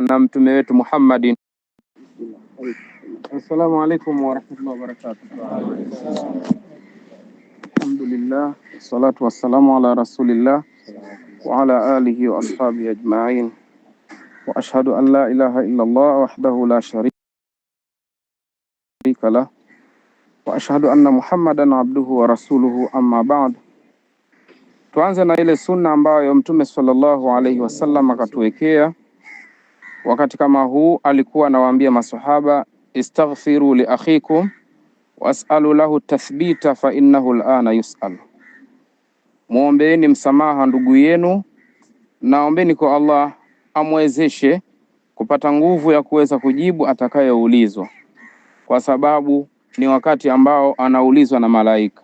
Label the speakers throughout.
Speaker 1: na mtume wetu Muhammadin. Assalamu alaikum warahmatullahi wabarakatuh. Alhamdulillah wassalatu wassalamu ala rasulillah wa ala alihi wa ashabihi ajma'in wa ashhadu an la ilaha illallah wahdahu la sharika lah wa ashhadu anna Muhammadan abduhu wa rasuluhu amma ba'd. Tuanze na ile sunna ambayo mtume sallallahu alaihi wasallam akatuwekea Wakati kama huu alikuwa anawaambia masahaba, istaghfiru li akhikum wasalu lahu tathbita fa innahu alana yusal, muombeeni msamaha ndugu yenu, naombeni kwa Allah amwezeshe kupata nguvu ya kuweza kujibu atakayoulizwa, kwa sababu ni wakati ambao anaulizwa na malaika.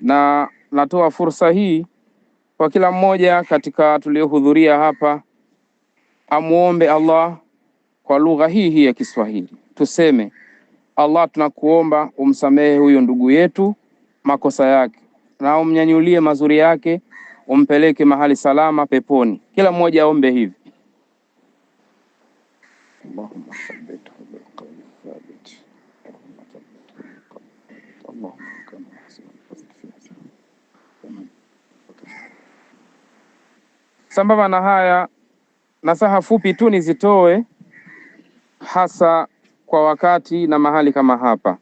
Speaker 1: Na natoa fursa hii kwa kila mmoja katika tuliohudhuria hapa amuombe Allah kwa lugha hii hii ya Kiswahili. Tuseme, Allah, tunakuomba umsamehe huyo ndugu yetu makosa yake na umnyanyulie mazuri yake, umpeleke mahali salama peponi. Kila mmoja aombe hivi. Sambamba na haya Nasaha fupi tu nizitoe hasa kwa wakati na mahali kama hapa.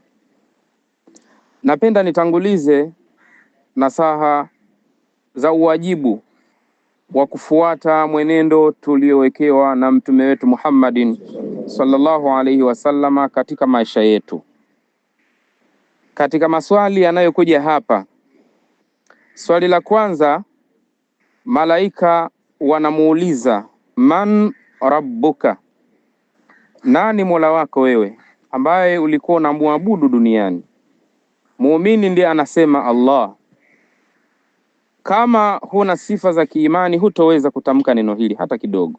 Speaker 1: Napenda nitangulize nasaha za uwajibu wa kufuata mwenendo tuliowekewa na mtume wetu Muhammadin sallallahu alaihi wasallama katika maisha yetu. Katika maswali yanayokuja hapa, swali la kwanza malaika wanamuuliza man rabbuka, nani mola wako wewe ambaye ulikuwa unamwabudu duniani. Muumini ndiye anasema Allah. Kama huna sifa za kiimani hutoweza kutamka neno hili hata kidogo.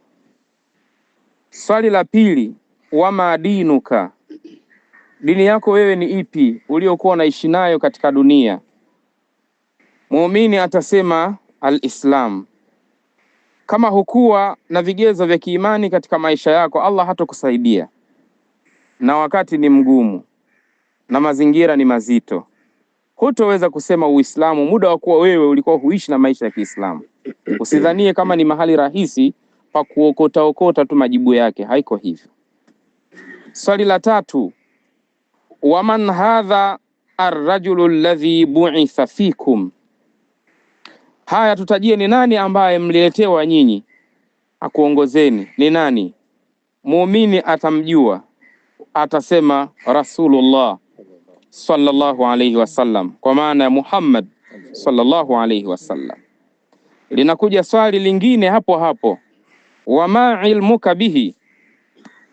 Speaker 1: Swali la pili, wama dinuka, dini yako wewe ni ipi uliokuwa unaishi nayo katika dunia? Muumini atasema alislamu. Kama hukuwa na vigezo vya kiimani katika maisha yako, Allah hatokusaidia na wakati ni mgumu na mazingira ni mazito, hutoweza kusema Uislamu muda wa kuwa wewe ulikuwa huishi na maisha ya Kiislamu. Usidhanie kama ni mahali rahisi pa kuokota okota tu majibu yake, haiko hivyo. Swali la tatu, waman hadha arrajulu alladhi bu'itha fikum Haya, tutajie ni nani ambaye mliletewa nyinyi akuongozeni, ni nani? Muumini atamjua atasema Rasulullah sallallahu alayhi wasallam, kwa maana ya Muhammad sallallahu alaihi wasallam. Linakuja swali lingine hapo hapo, wama ilmuka bihi,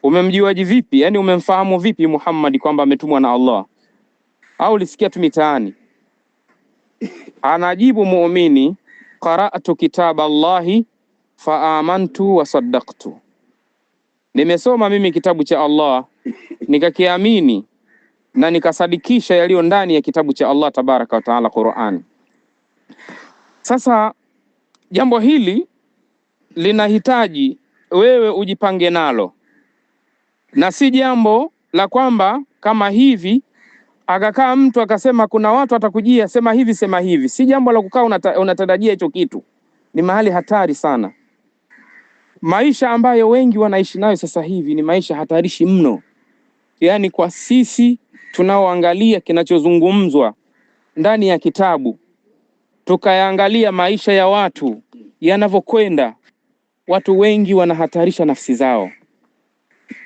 Speaker 1: umemjuaji vipi? Yani umemfahamu vipi muhammadi kwamba ametumwa na Allah? Au lisikia tu mitaani Anajibu muumini, qara'tu kitaba Allahi fa amantu wa saddaqtu, nimesoma mimi kitabu cha Allah nikakiamini na nikasadikisha yaliyo ndani ya kitabu cha Allah tabaraka wa taala, Qur'an. Sasa jambo hili linahitaji wewe ujipange nalo, na si jambo la kwamba kama hivi Akakaa mtu akasema, kuna watu atakujia sema hivi sema hivi. Si jambo la kukaa unatarajia hicho kitu, ni mahali hatari sana. Maisha ambayo wengi wanaishi nayo sasa hivi ni maisha hatarishi mno, yaani kwa sisi tunaoangalia kinachozungumzwa ndani ya kitabu tukayaangalia maisha ya watu yanavyokwenda, watu wengi wanahatarisha nafsi zao,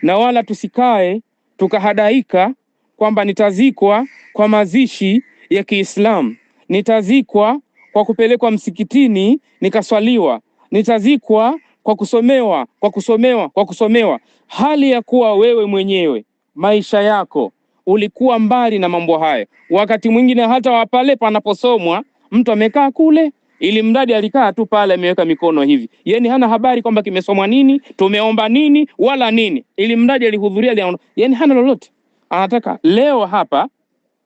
Speaker 1: na wala tusikae tukahadaika kwamba nitazikwa kwa mazishi ya Kiislamu, nitazikwa kwa kupelekwa msikitini nikaswaliwa, nitazikwa kwa kusomewa, kwa kusomewa, kwa kusomewa, hali ya kuwa wewe mwenyewe maisha yako ulikuwa mbali na mambo hayo. Wakati mwingine hata wapale panaposomwa mtu amekaa kule, ili mradi alikaa tu pale, ameweka mikono hivi, yani hana habari kwamba kimesomwa nini, tumeomba nini wala nini, ili mradi alihudhuria, yani hana lolote anataka leo hapa,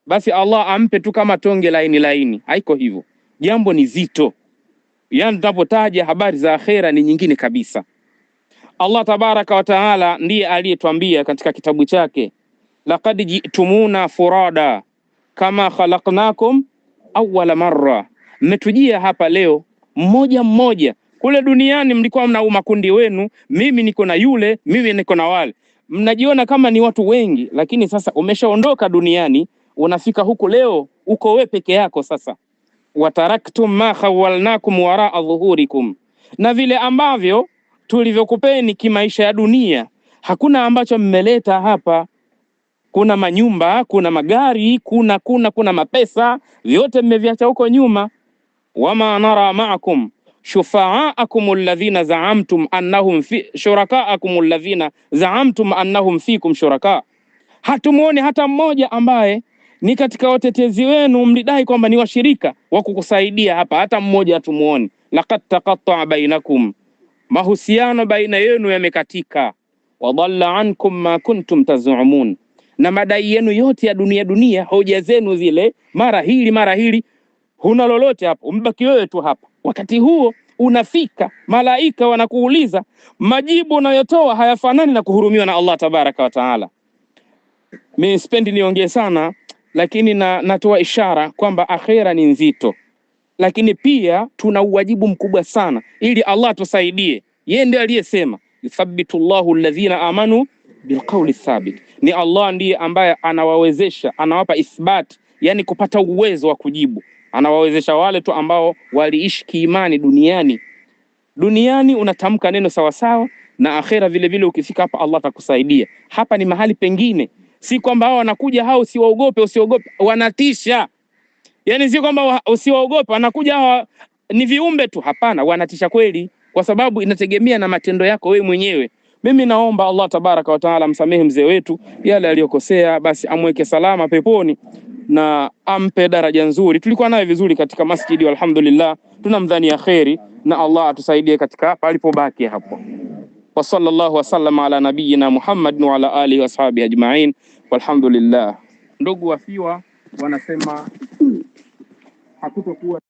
Speaker 1: basi Allah ampe tu kama tonge laini laini. Haiko hivyo, jambo ni zito. Yani tunapotaja habari za akhera ni nyingine kabisa. Allah tabaraka wa taala ndiye aliyetwambia katika kitabu chake, laqad jitumuna furada kama khalaqnakum awwala marra, mmetujia hapa leo mmoja mmoja. Kule duniani mlikuwa mna makundi wenu, mimi niko na yule, mimi niko na wale mnajiona kama ni watu wengi, lakini sasa umeshaondoka duniani, unafika huku leo uko wewe peke yako. Sasa wataraktum ma khawalnakum waraa dhuhurikum, na vile ambavyo tulivyokupeni kimaisha ya dunia hakuna ambacho mmeleta hapa. Kuna manyumba, kuna magari, kuna kuna kuna mapesa, vyote mmeviacha huko nyuma. wama nara maakum shufa'aakum alladhina za'amtum annahum fi shurakaakum alladhina za'amtum annahum fikum shuraka, hatumuone hata mmoja ambaye ni katika watetezi wenu mlidai kwamba ni washirika wa kukusaidia hapa, hata mmoja hatumuone. Laqad taqatta'a bainakum, mahusiano baina yenu yamekatika. Wadalla ankum ma kuntum tazumun, na madai yenu yote ya dunia dunia, hoja zenu zile, mara hili mara hili, huna lolote hapo, umebaki wewe tu hapa Wakati huo unafika, malaika wanakuuliza, majibu unayotoa hayafanani na kuhurumiwa na Allah tabaraka wa taala. Mimi sipendi niongee sana, lakini na, natoa ishara kwamba akhera ni nzito, lakini pia tuna uwajibu mkubwa sana, ili Allah tusaidie. Yeye ndiye aliyesema yuthabitu alladhina amanu bilqawli thabit. Ni Allah ndiye ambaye anawawezesha, anawapa ithbat, yani kupata uwezo wa kujibu anawawezesha wale tu ambao waliishi kiimani duniani. Duniani unatamka neno sawasawa na akhera vile vile, ukifika hapa Allah atakusaidia. Hapa ni mahali pengine, si kwamba hao wanakuja hao usiwaogope, usiogope, wanatisha. Yani si kwamba usiwaogope, wanakuja hao ni viumbe tu, hapana, wanatisha kweli, kwa sababu inategemea na matendo yako wewe mwenyewe. Mimi naomba Allah tabaraka wa taala amsamehe mzee wetu yale aliyokosea, basi amweke salama peponi na ampe daraja nzuri. Tulikuwa naye vizuri katika masjidi, alhamdulillah, tunamdhania kheri na Allah atusaidie katika palipobaki hapo. Wa sallallahu wasallam ala nabiyina Muhammad wa ala alihi wa sahbihi ajmain, walhamdulillah. Ndugu wafiwa wanasema hakutokuwa